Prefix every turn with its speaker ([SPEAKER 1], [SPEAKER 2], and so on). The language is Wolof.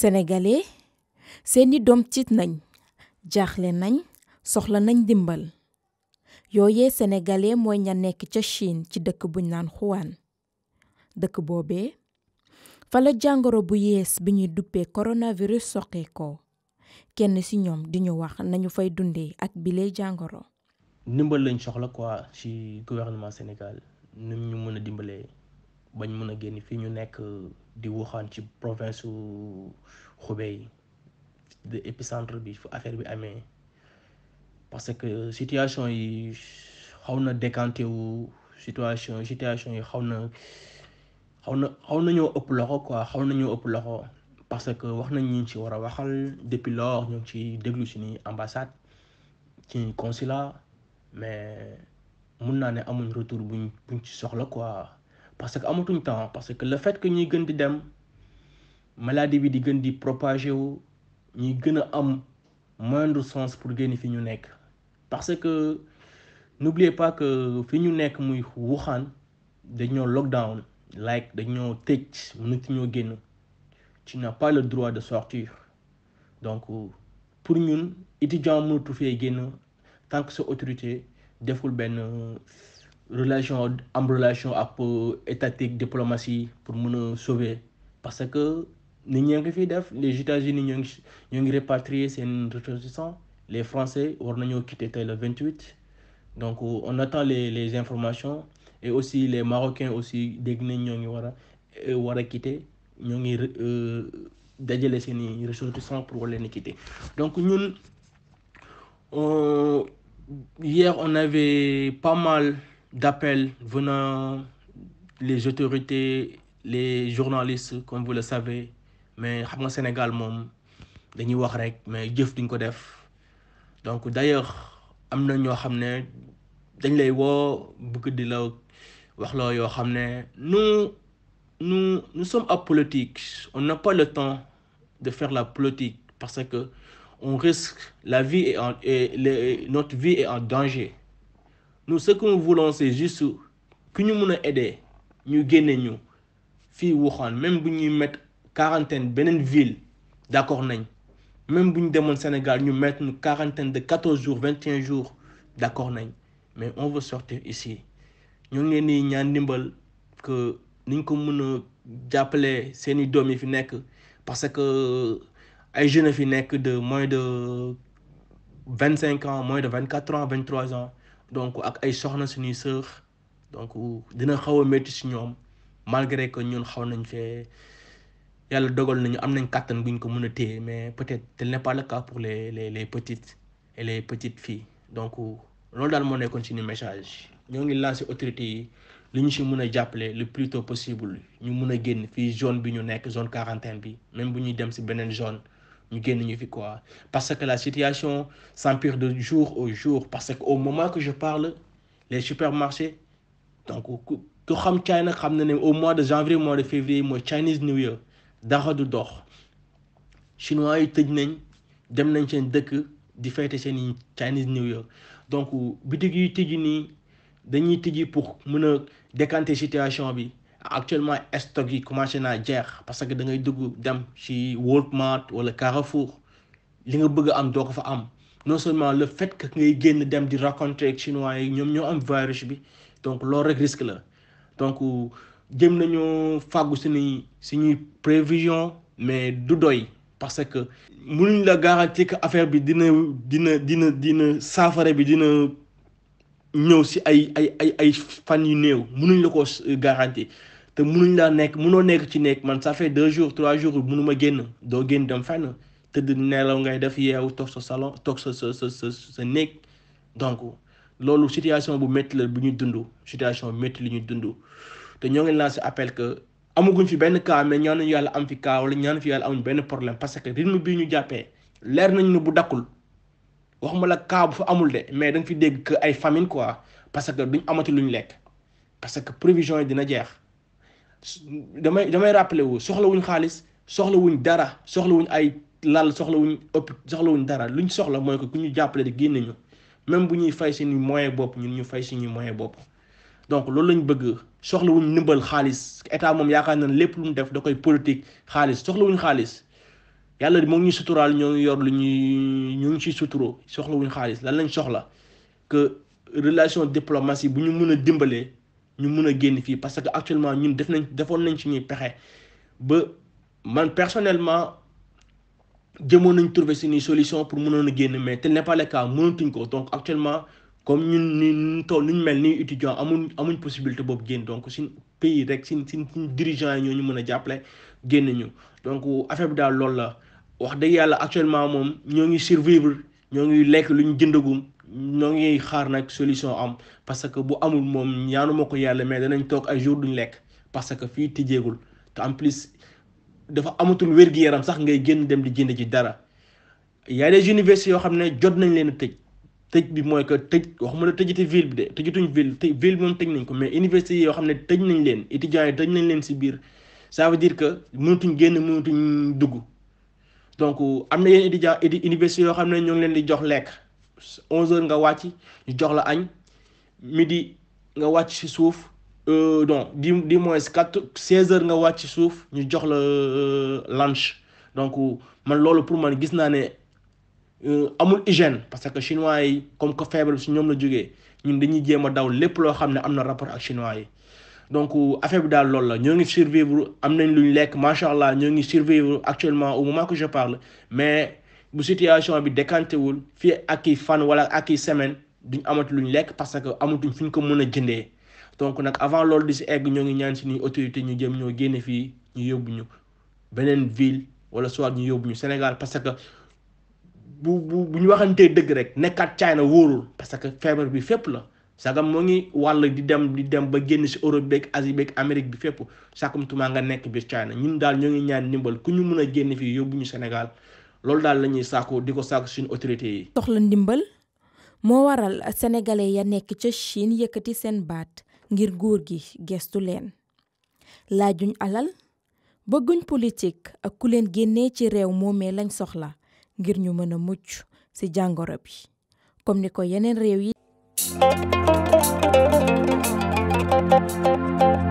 [SPEAKER 1] sénégalais seeni doom tiit nañ jaaxle nañ soxla nañ dimbal yooyee sénégalais mooy ña nekk ca Chine ci dëkk buñ naan Wuhan dëkk boobee fala jàngoro bu yees bi ñuy duppee coronavirus soqe ko kenn ci ñoom di ñu wax nañu fay dundee ak bile jàngoro
[SPEAKER 2] ndimbal lañ soxla quoi ci gouvernement Sénégal nu ñu mën a dimbalee bañ mën a génn fii ñu nekk euh, di Wuhan ci province su Hubei de épicentre bi fu affaire bi amee parce que situation yi xaw na décanté wu situation situation yi xaw na xaw na xaw nañoo ëpp loxo quoi xaw nañoo ëpp loxo parce que wax nañ ñu ci war a waxal depuis lors ñu ngi ci déglu suñuy ambassade ci consulat mais mun naa ne amuñ retour buñ buñ ci soxla quoi parce que amatuñ temps parce que le fait que ñuy gën di dem maladie bi di gën di propager wu ñuy gën a am moindre sens pour génn fi ñu nekk parce que n'oubliez pas que fi ñu nekk muy Wuhan dañoo lockdown like dañoo tëj mënatuñoo génn tu na pas le droit de sortir donc pour ñun étudiant mënatu fee génn tant que sa autorité deful ben relation am relation ak euh, étatique diplomatie pour nous sauver parce que nit les États-Unis ont ngi ces ngi répatrier ressortissants les Français war quitté quitter le 28 donc euh, on attend les les informations et aussi les Marocains aussi quitté. nañ ngi wara wara quitter ngi ressortissants pour les ni quitter donc ñun hier, on avait pas mal d'appels venant les autorités, les journalistes, comme vous le savez. Mais au Sénégal, dañuy wax rek mais jëf duñ ko def donc d'ailleurs am na ñoo xam ne dañ lay woo bëgg di la wax loo nous nous nous sommes apolitiques on n'a pas le temps de faire la politique parce que on risque, la vie et notre vie est en danger. Nous, ce que nous voulons, c'est juste que nous nous aider, nous gagner nous. Fi même si nous mettons quarantaine, dans une ville, d'accord, même si nous demandons au Sénégal, nous mettons une quarantaine de 14 jours, 21 jours, d'accord, mais on veut sortir ici. Nous avons dit que nous avons nous seeni doom fi parce que ay jeunes fi que de moins de 25 ans moins de 24 ans 23 ans donc ak ay soxna suñuy sœur donc dina xaw a métti si ñoom malgré que ñun xaw nañ Il yàlla dogal nañu am nañ ont guñ ko mën a téye mais peut-être tel n'est pas le cas pour les les les petites et les petites filles donc loolu daal moo nekkoon suñu message ñoo ngi lancé autorité yi li ñu si le plus tôt possible ñu mën a génn fii zone bi ñu nekk zone quarantaine bi même bu ñuy dem si zone parce que la situation s'empire de jour au jour parce qu'au moment que je parle les supermarchés donc au mois de janvier au mois de février mois Chinese New Year chinois dem nañ Chinese New Year donc des dañuy pour décanter situation actuellement stock yi commencé na jeex parce que da ngay dugg dem ci Walmart wala Carrefour li nga bëgg am do ko fa am non seulement le fait que ngay génn dem di rencontrer ak chinois yi ñoom ñoo am virus bi donc loolu rek risque la donc jëm nañu fagu suñuy suñuy prévision mais du doy parce que mënuñ la garantir que affaire bi dina dina dina dina saafara bi dina ñëw si ay ay ay fan yu la ko euh, garanti te mënuñ la nekk mënoo nekk ci ça fait deux jours trois jours mënu ma génn doo génn dem fenn tëdd nelaw ngay def yeewu salon toog sa sa donc loolu situation bu métti la bu ñu situation métti li ñu dund te ñoo ngi lancé appel que amaguñ fi benn cas mais ñaan nañu yàlla am fi cas wala ñaan fi problème parce que rythme bi ñu bu waxuma la cas bu fa amul de mais da fi dégg que ay famine quoi parce que duñ amati luñ lekk parce que prévision yi dina jeex damay damay rappelé wu soxlawuñ xaalis soxla wuñ dara soxlawuñ ay lal soxlawuñ ëpp soxlawuñ dara luñ soxla mooy ko ku ñu jàppale di génne ñu même bu ñuy fay suñu moyen bopp ñun ñu fay suñu moyen bopp. donc loolu lañ bëgg soxla soxlawuñ ndimbal xaalis état moom yaakaar na lépp lu mu def da koy politique xaalis soxlawuñ xaalis. yàlla moom ñu suturaal ñoo ngi yor lu ñuy ñu ngi ciy suturoo soxla wuñ xaalis lan lañ soxla que relation diplomatie bu ñu mun a dimbalee ñu mun a génn fii parce que actuellement ñun def nañ defoon nañ suñuy pexe ba man personnellement jëmoon nañ trouver suñuy solution pour mënoon a génn mais tel n'est pas le cas mënatuñ ko donc actuellement comme ñun ni ñu toll ñu mel ni étudiant amuñ amuñ possibilité boobu génn donc suñ pays rek suñ suñ dirigeant yi ñoo ñu mën a jàppale génn ñu donc affaire bi daal loolu la. wax dëgg yàlla actuellement moom ñoo ngi survivre ñoo ngi lekk lu ñu jëndagum ñoo ngi xaar nag solution am parce que bu amul moom ñaanu ma ko yàlla mais danañ toog ay jour duñ lekk parce que fii tijjeegul te en plus dafa amatul wér-gu-yaram sax ngay génn dem di jënd ci dara y a des yoo xam ne jot nañ leen a tëj bi mooy que tëj waxuma la tëjati ville bi de tëjatuñ ville ville bi moom tëj nañ ko mais université yoo xam ne tëj nañ leen étudiants yi tëj nañ leen si biir ça veut que mënatuñ génn mënatuñ dugg donc euh, am na yeneen étudiants étudiants université yoo xam ne ñoo ngi leen di jox lekk 11h nga wàcc ñu jox la añ midi nga wàcc ci suuf donc euh, di di moins quatre 16 heures nga wàcc ci suuf ñu jox la euh, lunch donc man loolu pour man gis naa ne amul hygiène parce que chinois yi comme que feebar si ñoom la jógee ñun dañuy jéem a daw lépp loo xam ne am na rapport ak chinois yi. donc euh, affaire bi daal loolu la ñoo ngi survivre am nañ lu lekk macha allah ñoo ngi survivre actuellement au moment que je parle mais bu situation bi décanté wul fii ak i fan wala ak i semaine duñ amatu luñ lekk parce que amatuñ fi ñu ko mën a jëndee donc nag avant loolu di si egg ñoo ngi ñaan si ni autorité ñu jëm ñoo génne fii ñu yóbbu ñu beneen ville wala soit ñu yóbbu ñu Sénégal parce que bu bu bu ñu waxantee dëgg rek nekkat China wóorul parce que feebar bi fépp la. sagam moo ngi wàll di dem di dem ba génn si Europe beeg Asie beeg Amérique bi fépp sàkkumtumaa nga nekk biir China ñun daal ñoo ngi ñaar ndimbal ku ñu mën a génn fii yóbbu ñu senegal loolu daal la ñuy sàkku di ko sàkku suñu autorité yi.
[SPEAKER 1] soxla ndimbal moo waral sénégalais ya nekk ca Chine yëkkati seen baat ngir góor gi gestu leen laajuñ alal bëgguñ politique ak ku leen génnee ci réew moomee lañ soxla ngir ñu mën a mucc ci jàngoro bi comme ni ko Thank you.